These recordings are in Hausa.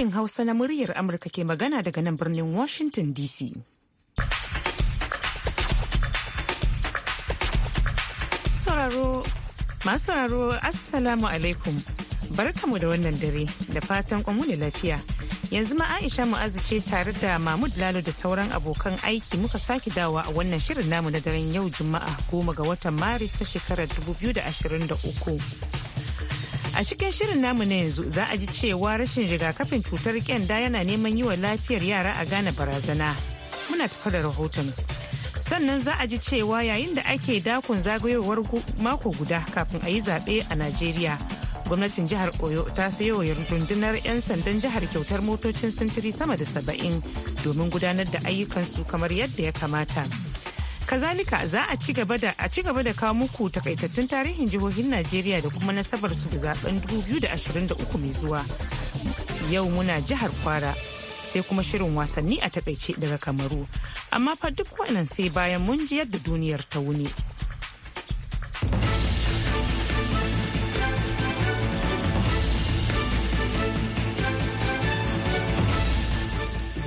sashen Hausa na muryar Amurka ke magana daga nan birnin Washington DC. Sauraro, masu sauraro Assalamu alaikum. Barkamu da wannan dare da fatan ne lafiya. Yanzu ma Aisha Mu'azu ce tare da Mahmud Lalo da sauran abokan aiki muka sake dawa a wannan shirin namu na daren yau Juma'a goma ga watan Maris ta shekarar 2023. A cikin shirin namu na yanzu za a ji cewa rashin rigakafin cutar kyanda yana neman yi wa lafiyar yara a gane barazana. Muna tafa da rahoton. Sannan za a ji cewa yayin da ake dakon zagayowar mako guda kafin a yi zaɓe a Najeriya. Gwamnatin jihar Oyo ta sayo rundunar 'yan sandan jihar kyautar motocin sintiri sama da saba'in domin gudanar da ayyukansu kamar yadda ya kamata. Kazalika za a ci gaba da a ci gaba da kawo muku takaitattun tarihin jihohin Najeriya da kuma nasabar su da zaben 2023 mai zuwa. Yau muna jihar Kwara sai kuma shirin wasanni a takaice daga Kamaru. Amma fa duk wannan sai bayan mun ji yadda duniyar ta wuni.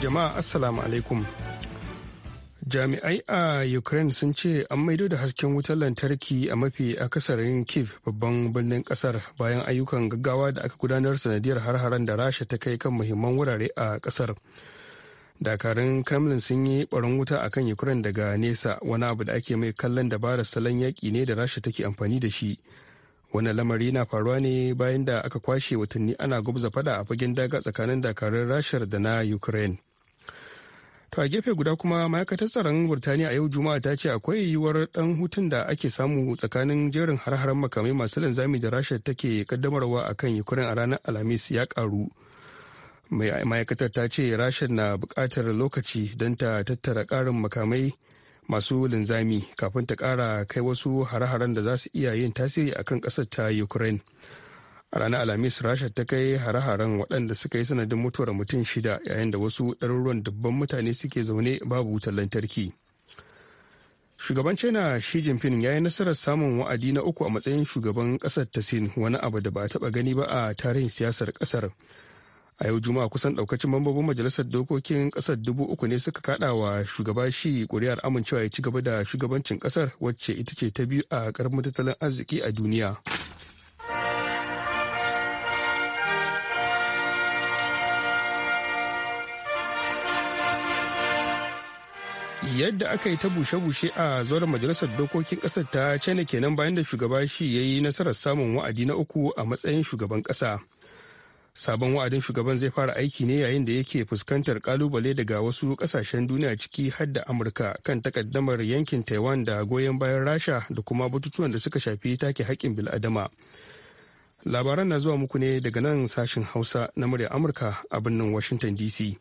Jama'a Assalamu alaikum. jami'ai a ukraine sun ce an maido da hasken wutar lantarki a mafi akasarin kiev babban birnin kasar bayan ayyukan gaggawa da aka gudanar sanadiyar har-haren da rasha ta kai kan muhimman wurare a kasar dakarun kremlin sun yi barin wuta akan kan ukraine daga nesa wani abu da ake mai kallon dabarar salon yaƙi ne da rasha take amfani da shi wani lamari na faruwa ne bayan da aka kwashe watanni ana gubza fada a fagen daga tsakanin dakarun rashar da na ukraine To a gefe guda kuma ma'aikatar tsaron Burtaniya a yau Juma'a ta ce akwai yiwuwar ɗan hutun da ake samu tsakanin jerin har-haren makamai masu linzami da Rasha take kaddamarwa a kan Ukraine a ranar Alhamis ya karu. Ma'aikatar ta ce Rasha na bukatar lokaci don ta tattara karin makamai masu linzami kafin ta kara kai wasu har-haren da za su iya yin tasiri akan ƙasar ta Ukraine. a ranar alhamis rasha ta kai hare-haren waɗanda suka yi sanadin mutuwar mutum shida yayin da wasu ɗaruruwan dubban mutane suke zaune babu wutar lantarki shugaban china shi jinping ya yi nasarar samun wa'adi na uku a matsayin shugaban ƙasar ta sin wani abu da ba a taɓa gani ba a tarihin siyasar ƙasar a yau juma'a kusan ɗaukacin mambobin majalisar dokokin ƙasar dubu uku ne suka kaɗa wa shugaba shi ƙuri'ar amincewa ya ci gaba da shugabancin ƙasar wacce ita ce ta biyu a ƙarfin tattalin arziki a duniya yadda aka yi ta bushe-bushe a zauren majalisar dokokin ƙasar ta china kenan bayan da shugaba shi ya yi nasarar samun wa'adi na uku a matsayin shugaban ƙasa sabon wa'adin shugaban zai fara aiki ne yayin da yake fuskantar kalubale daga wasu kasashen duniya ciki har da amurka kan takaddamar yankin taiwan da goyon bayan rasha da kuma batutuwan da suka shafi take haƙƙin bil'adama labaran na zuwa muku ne daga nan sashen hausa na murya amurka a birnin washington dc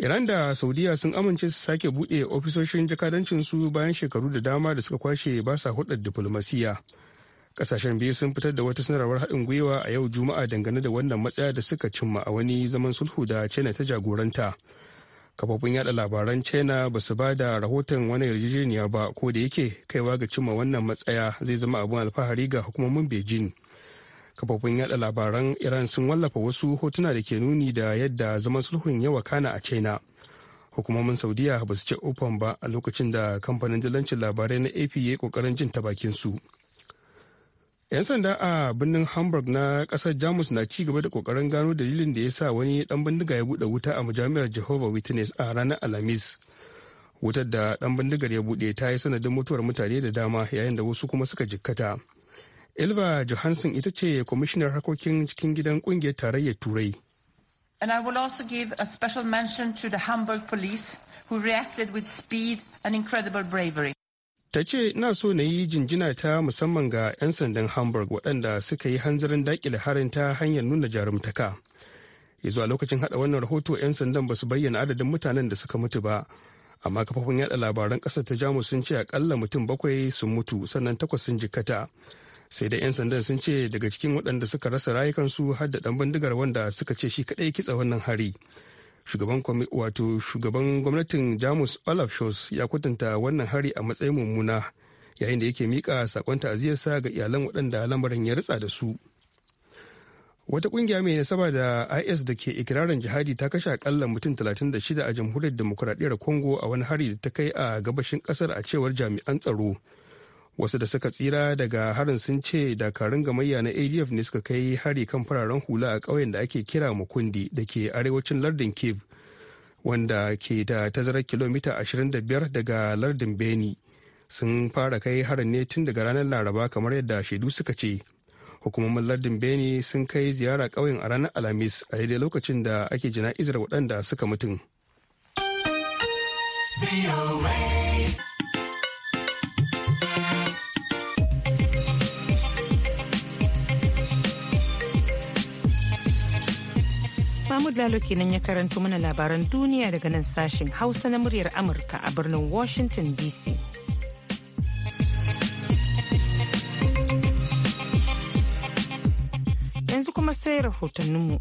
iran da saudiya sun amince su sake buɗe ofisoshin jakadancinsu bayan shekaru da dama da suka kwashe ba sa hudar diflomasiyya kasashen biyu sun fitar da wata sanarwar haɗin gwiwa a yau juma'a dangane da wannan matsaya da suka cimma a wani zaman sulhu da china ta jagoranta kafofin yada labaran china ba su ba da rahoton wani yarjejeniya ba ko da yake kaiwa ga cimma wannan matsaya zai zama abin alfahari ga hukumomin beijing kafofin yada labaran iran sun wallafa wasu hotuna da ke nuni da yadda zaman sulhun ya wakana a china hukumomin saudiya ba su ce ofan ba a lokacin da kamfanin dalancin labarai na ap ya kokarin jin ta bakin su yan sanda a birnin hamburg na kasar jamus na ci gaba da kokarin gano dalilin da ya sa wani dan bindiga ya bude wuta a majami'ar Jehova witness a ranar alhamis wutar da dan bindigar ya bude ta yi sanadin mutuwar mutane da dama yayin da wasu kuma suka jikkata Ilva Johansson ita ce kwamishinar harkokin cikin gidan kungiyar tarayyar Turai. And I will also give a special mention to the Hamburg police who reacted with speed and incredible bravery. Ta ce na so na yi jinjina ta musamman ga 'yan sandan Hamburg waɗanda suka yi hanzarin daƙile harin ta hanyar nuna jarumtaka. Ya zuwa lokacin haɗa wannan rahoto 'yan sandan ba su bayyana adadin mutanen da suka mutu ba. Amma kafofin yada labaran ƙasar ta Jamus sun ce akalla mutum bakwai sun mutu sannan takwas sun jikkata. sai dai 'yan sandan sun ce daga cikin waɗanda suka rasa rayukansu har da ɗan bindigar wanda suka ce shi kaɗai kitsa wannan hari shugaban wato shugaban gwamnatin jamus olaf scholz ya kwatanta wannan hari a matsayin mummuna yayin da yake miƙa sakon ta'aziyarsa ga iyalan waɗanda lamarin ya ritsa da su wata ƙungiya mai nasaba da is da ke ikirarin jihadi ta kashe akalla mutum 36 a jamhuriyar demokuraɗiyyar congo a wani hari da ta kai a gabashin ƙasar a cewar jami'an tsaro wasu da suka tsira daga harin sun ce dakarun gamayya na adf ne suka kai hari kan fararen hula a ƙauyen da ake kira mukundi da ke arewacin lardin cave wanda ke da tazarar kilomita 25 daga lardin beni sun fara kai harin ne tun daga ranar laraba kamar yadda shaidu suka ce hukumomin lardin beni sun kai ziyara ƙauyen a ranar alhamis a daidai lokacin da ake jana'izar waɗanda suka mutum. Mahmud Lalo kenan ya karanto mana labaran duniya daga nan sashen Hausa na muryar Amurka a birnin Washington DC. Yanzu kuma sai rahotanninmu.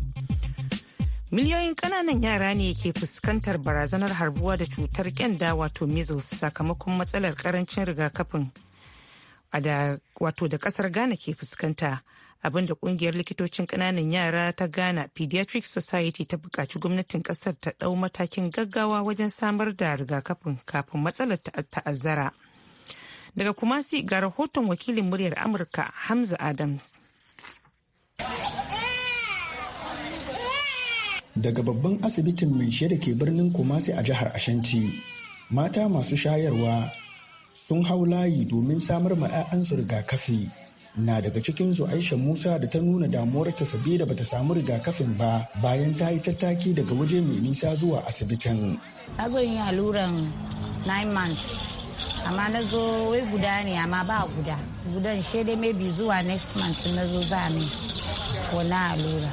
Miliyoyin kananan yara ne ke fuskantar barazanar harbuwa da cutar kyanda wato measles sakamakon matsalar karancin rigakafin. da Wato da kasar Ghana ke fuskanta. da kungiyar likitocin kananan yara ta ghana pediatric society ta bukaci gwamnatin ƙasar ta ɗau matakin gaggawa wajen samar da rigakafin kafin matsalar ta'azzara daga kumasi ga rahoton wakilin muryar amurka hamza adams daga babban asibitin minshe da ke birnin kumasi a jihar ashanti mata masu shayarwa sun hau layi domin samar ma 'ya'yansu rigakafi na daga cikinsu aisha musa da ta nuna damuwarta sabida bata samu rigakafin ba bayan ta yi tattaki daga waje mai nisa zuwa asibitin na zo yin alluran 9 months amma na zo wai guda ne amma ba guda gudan shi dai maybe zuwa next month na zo za ne ko na allura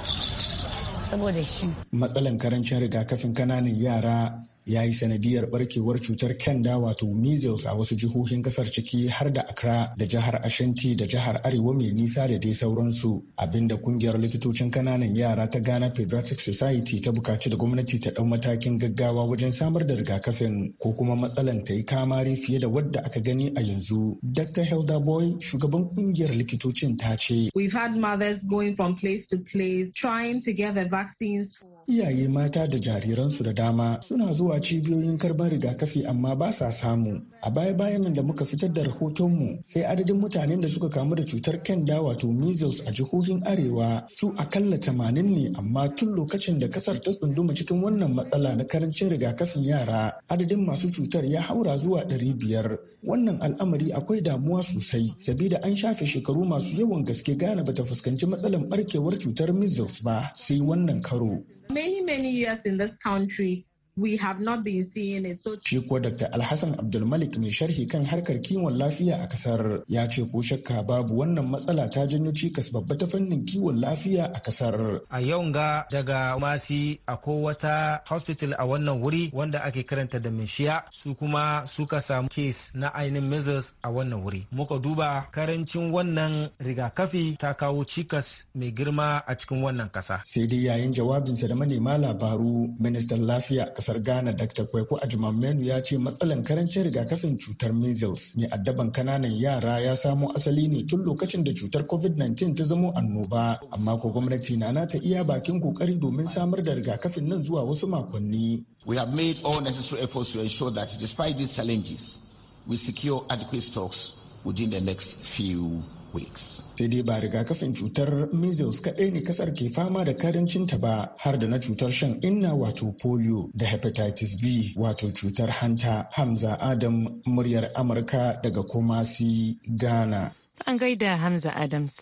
saboda shi matsalan karancin rigakafin kananan yara ya yi sanadiyar barkewar cutar kenda wato measles a wasu jihohin kasar ciki har da Accra da jihar Ashanti da jihar Arewa mai nisa da dai sauransu abinda kungiyar likitocin kananan yara ta Ghana Pediatric Society ta bukaci da gwamnati ta ɗau matakin gaggawa wajen samar da rigakafin ko kuma matsalan ta yi kamari fiye da wadda aka gani a yanzu. Dr. Helda Boy, shugaban kungiyar likitocin ta ce. We've had mothers going from place to place trying to get the vaccines for Iyaye mata da jariransu da dama suna zuwa cibiyoyin karban rigakafi amma ba sa samu. A baya-bayan nan da muka fitar da rahotonmu sai adadin mutanen da suka kamu da cutar kenda wato measles a jihohin arewa su akalla tamanin ne amma tun lokacin da kasar ta tsunduma cikin wannan matsala na karancin rigakafin yara adadin masu cutar ya haura zuwa ɗari biyar. Wannan al'amari akwai damuwa sosai sabida an shafe shekaru masu yawan gaske gane bata fuskanci matsalar barkewar cutar measles ba sai wannan karo. Many, many years in this country, we have not been seeing it. So shi ko Dr. Alhassan Abdulmalik mai sharhi kan harkar kiwon lafiya a kasar ya ce ko shakka babu wannan matsala ta janyo cikas babba ta fannin kiwon lafiya a kasar. A yau ga daga Masi a wata hospital a wannan wuri wanda ake karanta da Minshiya su kuma suka samu case na ainihin measles a wannan wuri. Muka duba karancin wannan rigakafi ta kawo cikas mai girma a cikin wannan kasa. Sai dai yayin jawabinsa da manema labaru ministan lafiya kasar ghana dr kwaiko ajimamenu ya ce matsalan karancin rigakafin cutar measles mai addaban kananan yara ya samo asali ne tun lokacin da cutar covid-19 ta zamo annoba amma ko gwamnati na nata iya bakin kokari domin samar da rigakafin nan zuwa wasu makonni we have made all necessary efforts to ensure that despite these challenges we secure adequate stocks within the next few weeks. Sai dai ba rigakafin cutar measles kaɗai ne kasar ke fama da karancin ta ba har da na cutar shan inna wato polio da hepatitis B wato cutar hanta Hamza Adam muryar Amurka daga Kumasi Ghana. An gaida Hamza Adams.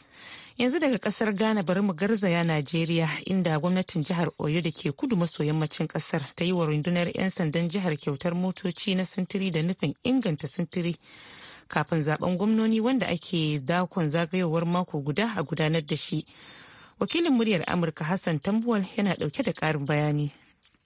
yanzu daga kasar ghana bari mu garzaya najeriya inda gwamnatin jihar oyo da ke kudu maso yammacin kasar ta yi wa rundunar 'yan sandan jihar kyautar motoci na sintiri da nufin inganta sintiri kafin zaben gwamnoni wanda ake dakon zagayowar mako guda a gudanar da shi wakilin muryar amurka hassan tambuwal yana dauke da karin bayani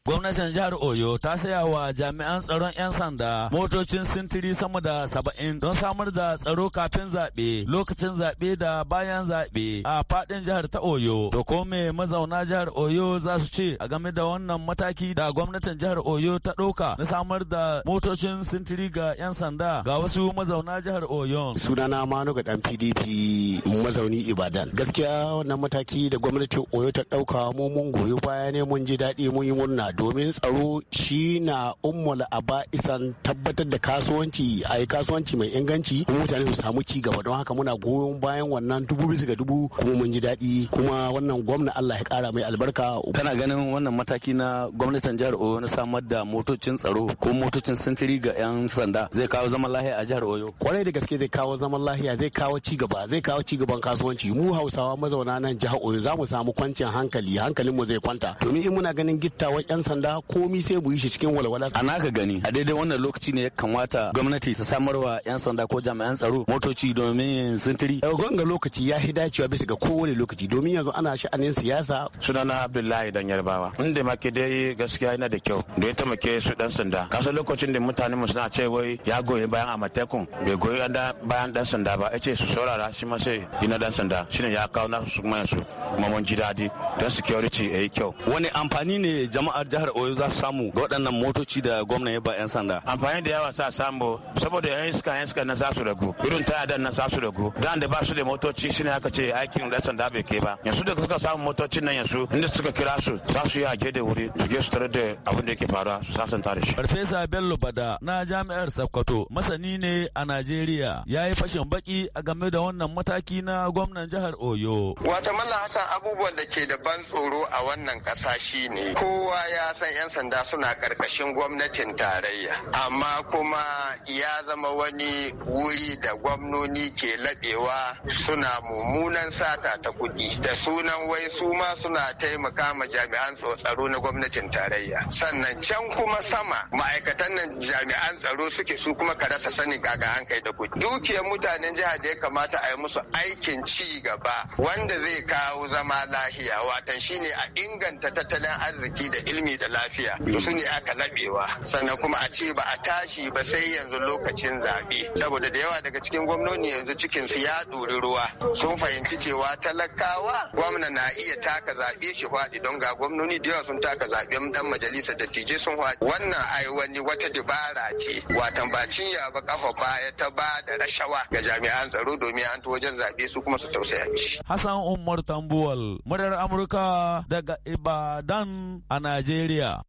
Gwamnatin jihar Oyo ta saya wa jami'an tsaron 'yan sanda motocin sintiri sama da saba'in don samar da tsaro kafin zaɓe, lokacin zaɓe da bayan zaɓe a faɗin jihar ta Oyo. To ko me mazauna jihar Oyo za su ce a game da wannan mataki da gwamnatin jihar Oyo ta ɗauka na samar da motocin sintiri ga 'yan sanda ga wasu mazauna jihar Oyo. Sunana Manu ga ɗan PDP mazauni Ibadan. Gaskiya wannan mataki da gwamnatin Oyo ta ɗauka mu mun goyo baya ne mun ji daɗi mun yi murna domin tsaro shi na ummul aba'isan tabbatar da kasuwanci a yi kasuwanci mai inganci kuma mutane su samu ci gaba don haka muna goyon bayan wannan dubu bisa ga dubu kuma mun ji daɗi kuma wannan gwamna Allah ya kara mai albarka. Kana ganin wannan mataki na gwamnatin jihar Oyo na samar da motocin tsaro ko motocin sintiri ga 'yan sanda zai kawo zaman lahiya a jihar Oyo? Kwarai da gaske zai kawo zaman lahiya zai kawo ci gaba zai kawo ci gaban kasuwanci mu Hausawa mazauna nan jihar Oyo za mu samu kwancin hankali hankalin mu zai kwanta domin in muna ganin gittawa 'yan sanda komi sai mu yi shi cikin walwala a naka gani a daidai wannan lokaci ne ya kamata gwamnati ta samarwa yan sanda ko jami'an tsaro motoci domin sintiri eh, ga lokaci ya hi dacewa bisa ga kowane lokaci domin yanzu ana sha'anin siyasa sunana abdullahi dan yarbawa inda ma ke dai gaskiya yana da kyau da ya taimake su dan sanda kasa lokacin da mutane mu suna ce wai ya goyi bayan amatekun bai goyi bayan dan sanda ba ya ce su saurara shi ma sai yi na dan sanda ne ya kawo na su kuma su kuma mun ji daɗi don security ya yi kyau wani amfani ne jama'ar jihar Oyo za su samu ga waɗannan motoci da gwamna ya ba 'yan sanda. Amfani da yawa sa samu saboda 'yan iska 'yan iska na za su ragu irin ta yadda na za su ragu dan da ba su da motoci shine aka ce aikin da sanda bai kai ba yanzu da suka samu motocin nan yanzu inda suka kira su za su yi aje da wuri su je su tare da abin da yake faruwa su sasanta da shi. Farfesa Bello Bada na jami'ar Sokoto masani ne a Najeriya ya yi fashin baki a game da wannan mataki na gwamnan jihar Oyo. Wata Mallam Hassan abubuwan da ke da ban tsoro a wannan ƙasa shine kowa ya san 'yan sanda suna ƙarƙashin gwamnatin tarayya amma kuma ya zama wani wuri da gwamnoni ke laɓewa suna mummunan sata ta kuɗi da sunan wai su ma suna taimaka ma jami'an tsaro na gwamnatin tarayya sannan can kuma sama ma'aikatan nan jami'an tsaro suke su kuma ka rasa sanin kaga an kai da kuɗi dukiyar mutanen jiha da ya kamata a yi musu aikin ci gaba wanda zai kawo zama lahiya watan shine a inganta tattalin arziki da ilimi muni da lafiya to mm. su ne aka laɓewa sannan kuma a ce ba a tashi ba sai yanzu lokacin zaɓe saboda da yawa daga cikin gwamnoni yanzu cikinsu ya ɗori ruwa sun fahimci cewa talakawa gwamna na iya taka zaɓe shi faɗi don ga gwamnoni da yawa sun taka zaɓen dan majalisa da tije sun faɗi wannan ai wani wata dabara ce watan ba cinya ba kafa baya ta ba da rashawa ga jami'an tsaro domin an ta wajen zaɓe su kuma su tausaya mishi. Hassan Umar Tambuwal, murar Amurka daga Ibadan a Najeriya. Najeriya.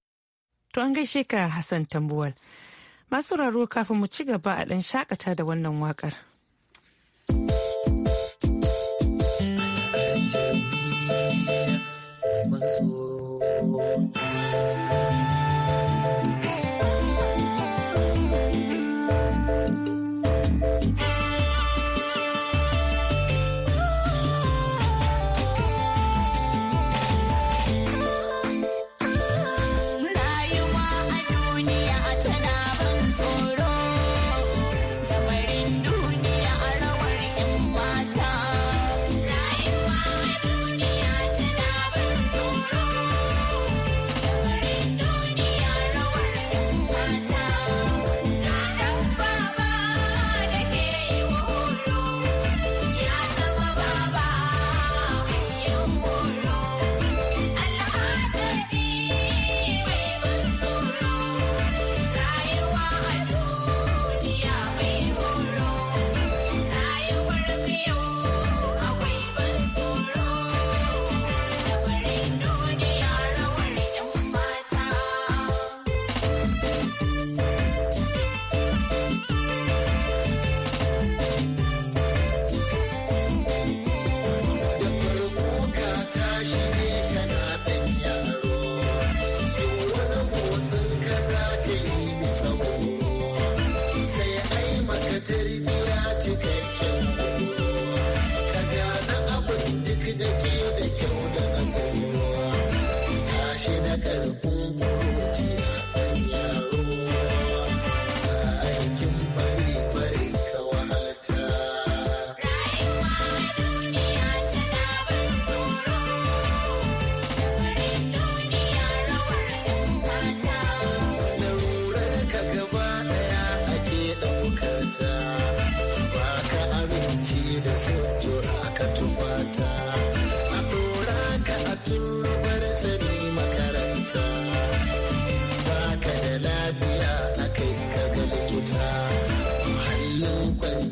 To an gaishe ka Hassan Tambuwal. Masu raro kafin mu ci gaba a ɗan shakata da wannan waƙar.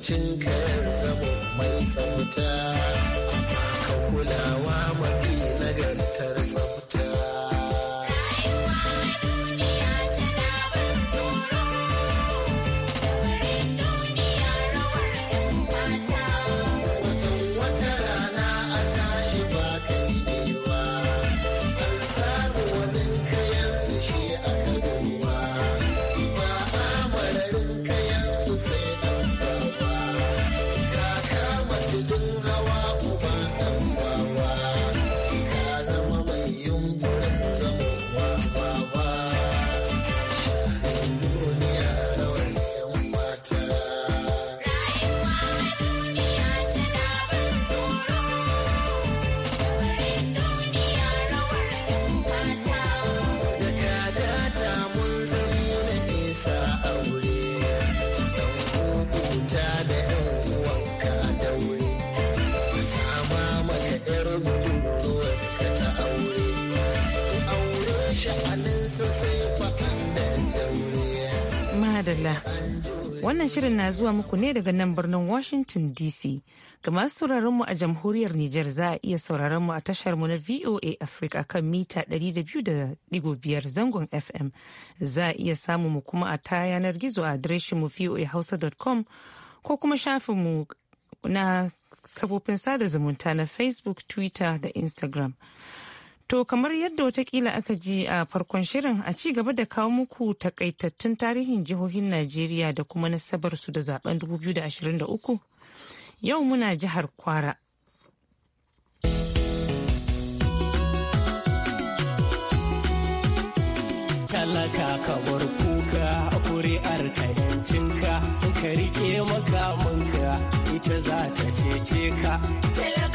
cin ya zama mai tsafta. Wannan shirin na zuwa muku ne daga nan birnin Washington DC. Ga masu sauraronmu mu a jamhuriyar Nijar za a iya sauraron mu a tashar mu na VOA Africa kan mita 200.5 zangon FM. Za a iya samu mu kuma a ta yanar gizo a adireshin mu voahausa.com ko kuma shafin mu na kafofin sada zumunta na Facebook, Twitter da Instagram. To kamar yadda watakila aka ji a farkon shirin a ci gaba da kawo muku takaitattun tarihin jihohin Najeriya da kuma nasabar su da zaben 2023 yau muna jihar Kwara. Talaka kabar kuka kuri'ar ka rike makamanka ita za ta cece ka.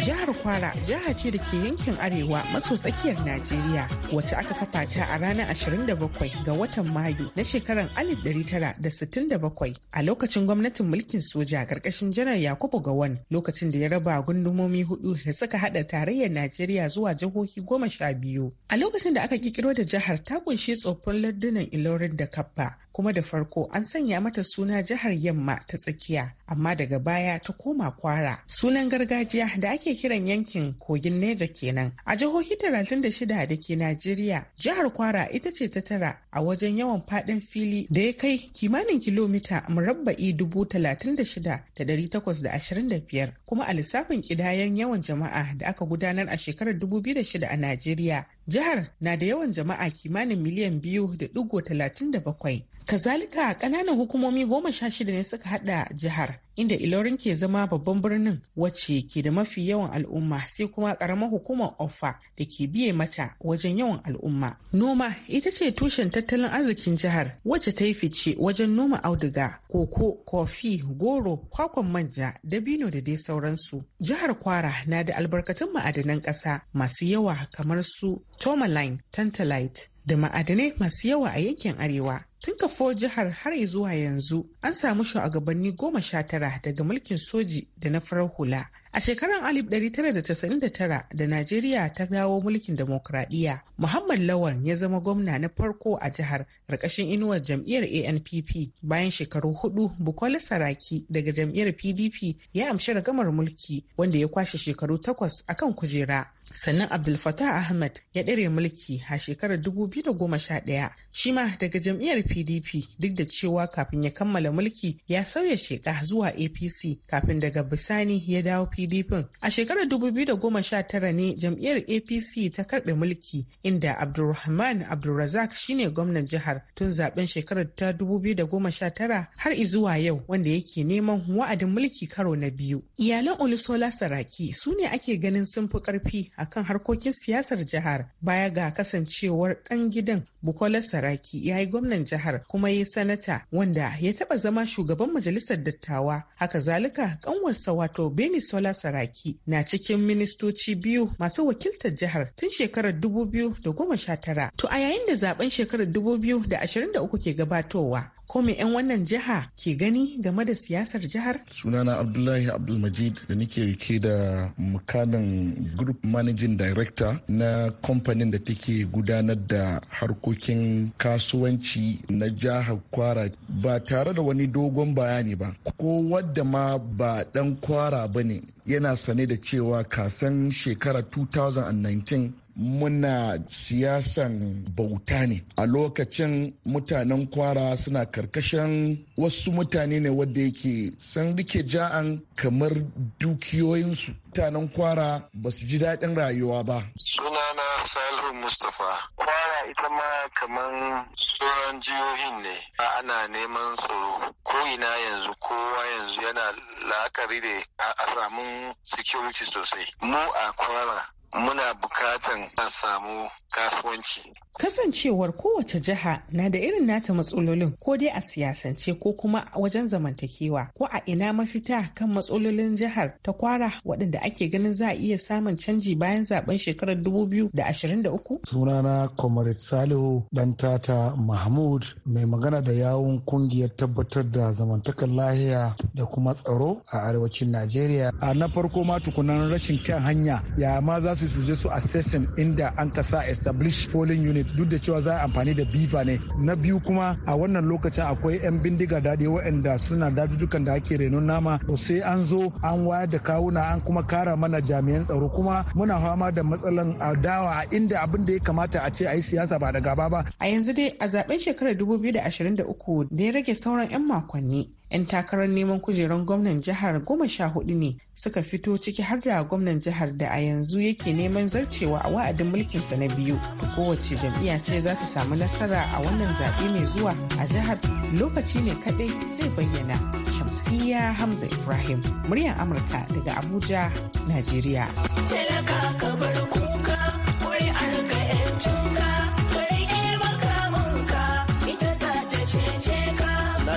Jihar Kwara jiha ce da ke yankin Arewa maso tsakiyar Najeriya wacce aka kafa ta a ranar 27 ga watan Mayu na shekarar 1967 a lokacin gwamnatin mulkin soja karkashin janar Yakubu Gawan lokacin da ya raba gundumomi hudu da suka hada tarayyar Najeriya zuwa jihohi goma sha biyu. A lokacin da aka kikiro da jihar ta kunshi tsoffin lardunan Ilorin da Kappa kuma da farko an sanya mata suna jihar Yamma ta tsakiya amma daga baya ta koma kwara sunan gargajiya da ake kiran yankin kogin neja kenan a jihohi 36 da ke najeriya jihar kwara ita ce ta tara a wajen yawan fadin fili da ya kai kimanin kilomita murabba'i 36,825 kuma a lissafin kidayen yawan jama'a da aka gudanar a shekarar 2006 a najeriya jihar na da yawan jama'a kimanin miliyan biyu da dugo talatin da bakwai kazalika kananan hukumomi goma sha shida ne suka hada jihar inda ilorin ke zama babban birnin wacce ke da mafi yawan al'umma sai kuma karamar hukumar ofa da ke biye mata wajen yawan al'umma noma ita ce tushen tattalin arzikin jihar wacce ta yi fice wajen noma auduga koko kofi goro kwakwan manja dabino da dai sauransu jihar kwara na da albarkatun ma'adanan ƙasa masu yawa kamar su tourmaline tantalite da ma'adanai masu yawa a yankin arewa Tun kafo jihar har zuwa yanzu an samu shugabanni goma sha tara daga mulkin soji da na farar hula A shekarar 1999 da Najeriya ta dawo mulkin demokradiyya, Muhammad Lawan ya zama gwamna na farko a jihar ƙarƙashin inuwar jam'iyyar ANPP bayan shekaru hudu Bukola Saraki daga jam'iyyar PDP ya amshi ragamar mulki wanda ya kwashe shekaru takwas akan kujera. Sannan Abdul Fattah Ahmed ya ɗare mulki a shekarar 2011 shi ma daga jam'iyyar PDP duk da cewa kafin ya kammala mulki ya sauya sheka zuwa APC kafin daga bisani ya dawo PDP. PDP. A shekarar 2019 ne jam'iyyar APC ta karɓe mulki inda Abdulrahman Abdulrazak shine gwamnan jihar tun zaben shekarar ta 2019 har izuwa yau wanda yake neman wa'adin mulki karo na biyu. Iyalan Olusola Saraki su ne ake ganin sun fi ƙarfi kan harkokin siyasar jihar baya ga kasancewar ɗan gidan Bukola Saraki ya yi gwamnan jihar kuma ya yi sanata wanda ya taɓa zama shugaban majalisar dattawa. Haka zalika ƙanwarsa wato Beni Sola Isa Saraki na cikin ministoci biyu masu wakiltar jihar tun shekarar 2019. To a yayin da zaben shekarar 2023 ke gabatowa, ko me 'yan wannan jiha ke gani game da siyasar jihar? Sunana Abdullahi Abdulmajid da nake rike da mukanin Group Managing Director na kamfanin da take gudanar da harkokin kasuwanci na jihar Kwara ba tare da wani dogon bayani ba. Ko wadda ma ba dan Kwara ba ne yana sane da cewa kafin shekara 2019 muna siyasan bauta ne a lokacin mutanen kwara suna karkashin wasu mutane ne wadda yake san rike ja'an kamar dukiyoyinsu mutanen kwara ba su ji daɗin rayuwa ba sunana salihu mustapha kwara ita ma kamar sauran jihohin ne ana neman tsoro ko ina yanzu kowa yanzu yana la'akari da a samun security sosai mu a kwara muna bukatan a samu kasuwanci. Kasancewar kowace jiha na da irin nata matsalolin ko dai a siyasance ko kuma wajen zamantakewa ko a ina mafita kan matsalolin jihar ta kwara waɗanda ake ganin za a iya samun canji bayan zaben shekarar 2023? Sunana Comrade Salihu ɗan tata Mahmud mai magana da yawun kungiyar tabbatar da zamantakar lahiya da kuma tsaro a arewacin Najeriya. A na farko ma tukunan rashin kyan hanya ya ma za su je su assessing inda an kasa establish polling unit duk da cewa za a amfani da bifa ne na biyu kuma a wannan lokacin akwai 'yan bindiga daɗi waɗanda suna dadudukan da ake renon nama to sai an zo an wayar da kawuna an kuma kara mana jami'an tsaro kuma muna fama da matsalan adawa a inda abin da ya kamata a ce a yi siyasa ba da gaba ba a yanzu dai a zaben shekarar dubu 2023 da ya rage sauran 'yan makonni 'yan takarar neman kujerar gwamnan jihar goma sha hudu ne suka fito ciki har da gwamnan jihar da a yanzu yake neman zarcewa a wa'adin mulkinsa na biyu kowace jam'iyya ce za ta samu nasara a wannan zaɓe mai zuwa a jihar lokaci ne kaɗai zai bayyana shamsiya hamza ibrahim muryar amurka daga abuja najeriya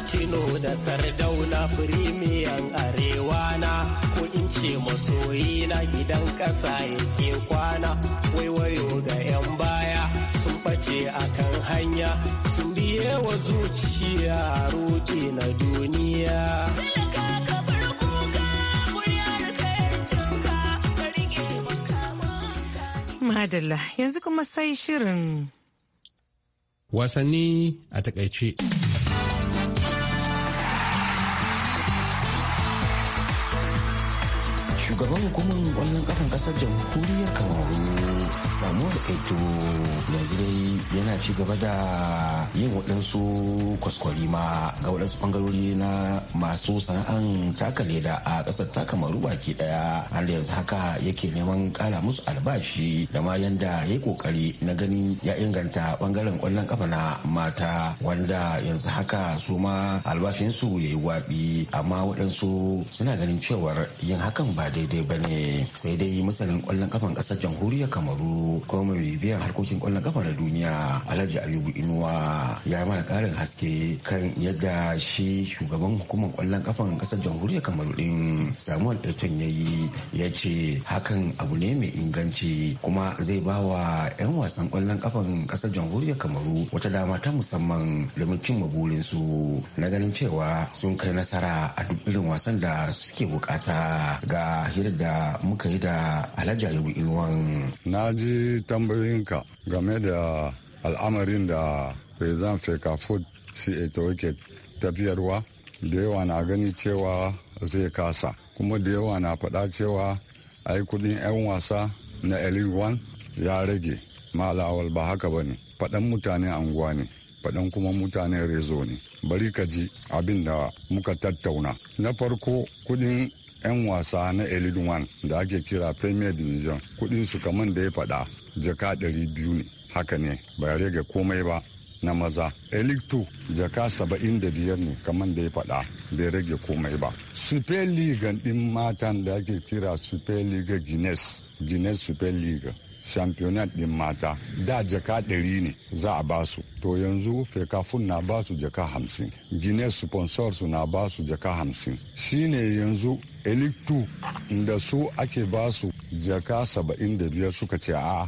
tino da Sardauna firimiyan arewa na ko in ce masoyi na gidan ƙasa yake kwana waiwayo ga 'yan baya sun face a kan hanya sun biye wa zuciya roƙi na duniya. Madalla yanzu kuma sai shirin. Wasanni a takaice. shugaban hukumar kwallon kafan ƙasar jamhuriyar kamaru samuel eto yanzu dai yana ci gaba da yin waɗansu ma ga waɗansu ɓangarori na masu sana'an taka leda a ƙasar ta kamaru baki ɗaya har yanzu haka yake neman ƙara musu albashi da ma yanda ya yi ƙoƙari na gani ya inganta ɓangaren kwallon kafa na mata wanda yanzu haka su ma albashinsu ya yi waɓi amma waɗansu suna ganin cewar yin hakan ba dai daidai ba ne sai dai misalin kwallon kafan kasar jamhuriyar kamaru ko mai biyan harkokin kwallon kafa na duniya alhaji ayubu inuwa ya mana karin haske kan yadda shi shugaban hukumar kwallon kafan kasar jamhuriyar kamaru din samuel eton ya yi ya ce hakan abu ne mai inganci kuma zai ba wa 'yan wasan kwallon kafan kasar jamhuriyar kamaru wata dama ta musamman domin cimma burinsu na ganin cewa sun kai nasara a duk irin wasan da suke bukata ga a da muka yi da Alhaji Ayubu Inuwan. Na ji ka. game da al'amarin da President Fekafut Sieto yake tafiyarwa da yawa na gani cewa zai kasa kuma da yawa na faɗa cewa ai kudin 'yan wasa na il-1 ya rage malawal ba haka ba ne faɗan mutane anguwa ne faɗan kuma mutane rezo ne bari ka ji abin da muka tattauna na farko kudin 'yan wasa na elite one da ake kira premier division su kamar da ya faɗa jaka 200 ne haka ne ba rage komai ba na maza elite two jaka 75 ne kamar da ya faɗa bai rage komai ba super league din matan da ake kira super league guinness guinness super league championnat din mata da jaka ɗari ne za a ba su to yanzu fekafun na ba su jaka hamsin guinness sponsors na ba su jaka hamsin shine yanzu 2 da su ake ba su jaka saba'in da biyar suka ce a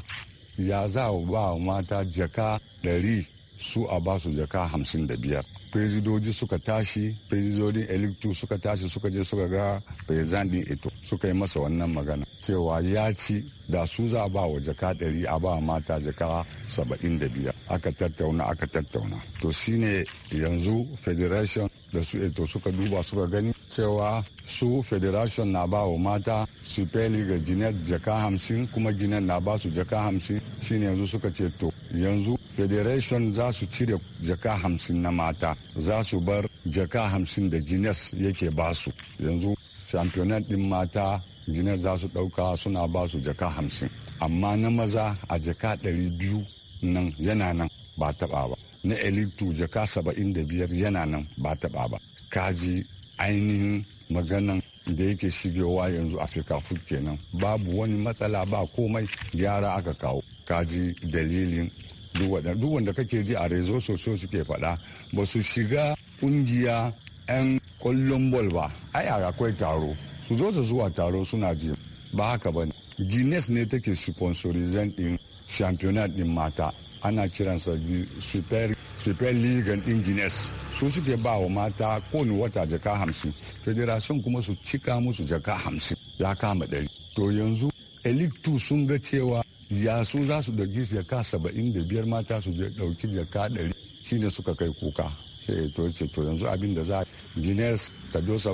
ya za ba mata jaka ɗari su a ba su jaka hamsin da biyar firizidoji suka tashi prezidodin electu suka tashi suka je suka ga president ito suka yi masa wannan magana cewa ya ci da su za a ba wa jaka ɗari a ba mata jaka saba'in da biyar aka tattauna aka tattauna to shine yanzu federation da su eto eh, suka duba suka gani cewa su federation na ba wa mata su peli ga jinet jaka hamsin kuma jinet na ba su jaka hamsin shine yanzu suka ce to yanzu federation za su cire jaka hamsin na mata za su bar jaka hamsin da jines yake ba su yanzu championat din mata jines za su dauka suna ba su jaka hamsin amma na maza a jaka ɗari biyu nan yana nan ba taɓa ba na elitu jaka saba'in da biyar yana nan ba taɓa ba kaji ainihin maganan da yake shigewa yanzu afirka fuk kenan babu wani matsala ba komai gyara aka kawo kaji dalilin duk wanda kake ji a rezo sosai suke faɗa ba su shiga kungiya 'yan kwallon bol ba ai akwai taro su zo su zuwa taro suna ji ba haka ba ne guinness ne take sponsorizan din championat din mata ana kiransa super super league engineers su suke ba wa mata kowane wata jaka hamsin federation kuma su cika musu jaka hamsin ya kama ɗari to yanzu elite sun ga cewa ya su za su ɗauki jaka saba'in da biyar mata su ɗauki jaka ɗari shine suka kai kuka sai to ce to yanzu abin da za guinness ta dosa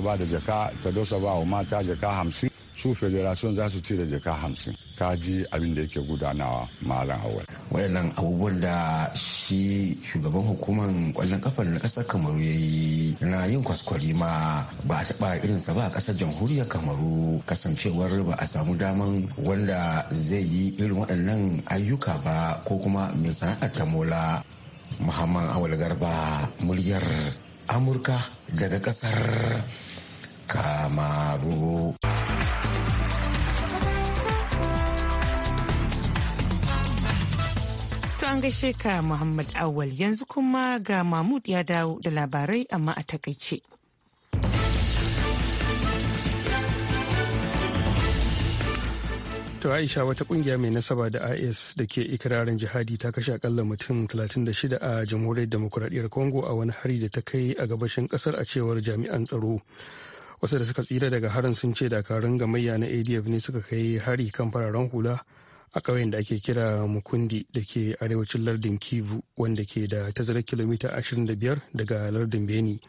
ba wa mata jaka hamsin su federation za su ci da jaka hamsin kaji abin da yake gudanawa malam awal Wadannan abubuwan da shi shugaban hukumar kwallon kafar na kasar kamaru ya yi na yin kwaskwari ma ba a taba sa ba a kasar jamhuriyar kamaru kasancewar ba a samu daman wanda zai yi irin waɗannan ayyuka ba ko kuma mai sana'ar mola muhammad awal garba muryar amurka daga kasar kamaru an gaishe ka Muhammad Awal yanzu kuma ga Mahmud ya dawo da labarai amma a takaice. To Aisha wata kungiya mai nasaba da IS da ke ikirarin jihadi ta kashe akalla mutum 36 a jamhuriyar demokuraɗiyyar Congo a wani hari da ta kai a gabashin kasar a cewar jami'an tsaro. Wasu da suka tsira daga harin sun ce dakarun gamayya na ADF ne suka kai hari kan fararen hula. a ƙauyen da ake kira mukundi da ke arewacin lardin kivu wanda ke da tazarar kilomita 25 daga lardin beni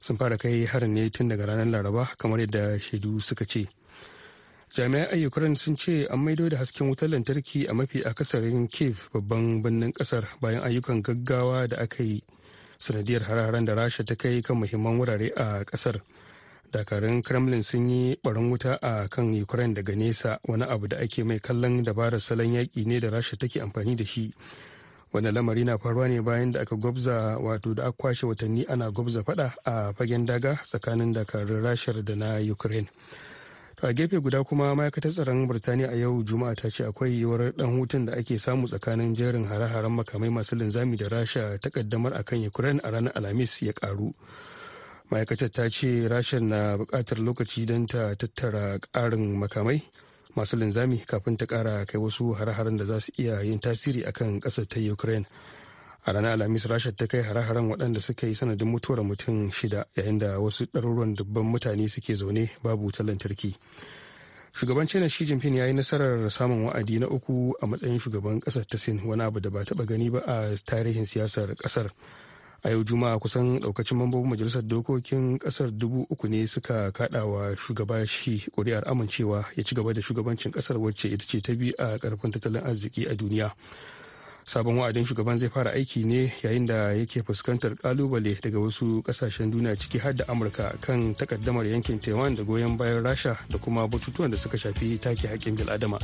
sun fara kai harin ne tun daga ranar laraba kamar yadda shaidu suka ce jami'ai a ukraine sun ce an maido da hasken wutar lantarki a mafi akasarin kiev babban birnin kasar bayan ayyukan gaggawa da aka yi sanadiyar hararen da rasha ta kai kan muhimman wurare a kasar dakarun kremlin sun yi barin wuta a kan ukraine daga nesa wani abu da ake mai kallon dabarar salon yaƙi ne da rasha take amfani da shi wani lamari na faruwa ne bayan da aka gwabza wato da aka kwashe watanni ana gwabza fada a fagen daga tsakanin dakarun rashar da na ukraine to a gefe guda kuma ma'aikatar tsaron birtaniya a yau juma'a ta ce akwai yiwuwar dan hutun da ake samu tsakanin jerin hare-haren makamai masu linzami da rasha ta kaddamar akan ukraine a ranar alhamis ya karu ma'aikatar ta ce rashin na buƙatar lokaci don ta tattara ƙarin makamai masu linzami kafin ta ƙara kai wasu hare-haren da za su iya yin tasiri akan ƙasar ta ukraine a ranar alhamis rasha ta kai hare-haren waɗanda suka yi sanadin mutuwar mutum shida yayin da wasu ɗaruruwan dubban mutane suke zaune babu wutar lantarki shugaban china shi jinping ya yi nasarar samun wa'adi na uku a matsayin shugaban ƙasar ta sin wani abu da ba taɓa gani ba a tarihin siyasar ƙasar a yau juma'a kusan daukacin mambobin majalisar dokokin kasar dubu uku ne suka kada wa shugaba shi kuri'ar amincewa ya ci gaba da shugabancin kasar wacce ita ce ta biyu a karfin tattalin arziki a duniya sabon wa'adin shugaban zai fara aiki ne yayin da yake fuskantar kalubale daga wasu kasashen duniya ciki har da amurka kan takaddamar yankin taiwan da goyon bayan rasha da kuma batutuwan da suka shafi take hakkin bil'adama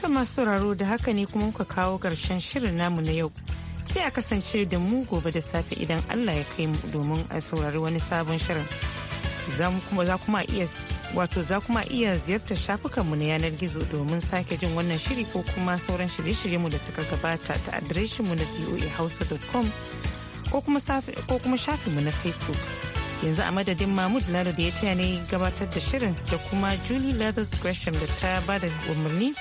ta masu sauraro da haka ne kuma muka kawo karshen shirin namu na yau sai a kasance da mu gobe da safe idan allah ya kai mu domin a saurari wani sabon shirin za kuma iya wato za kuma iya ziyartar shafukanmu na yanar gizo domin sake jin wannan shiri ko kuma sauran shirye-shiryenmu da suka gabata ta adireshinmu na voahausa.com ko kuma shafinmu na facebook yanzu a madadin mahmud lalo da ya taya ne gabatar da shirin da kuma julie leathers gresham da ta ba da umarni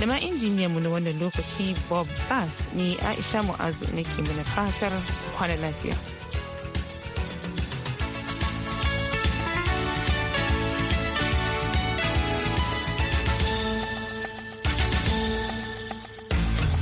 da ma injiniyan mu na wannan lokaci bob bass ne aisha mu'azu nake mana fatar kwana lafiya.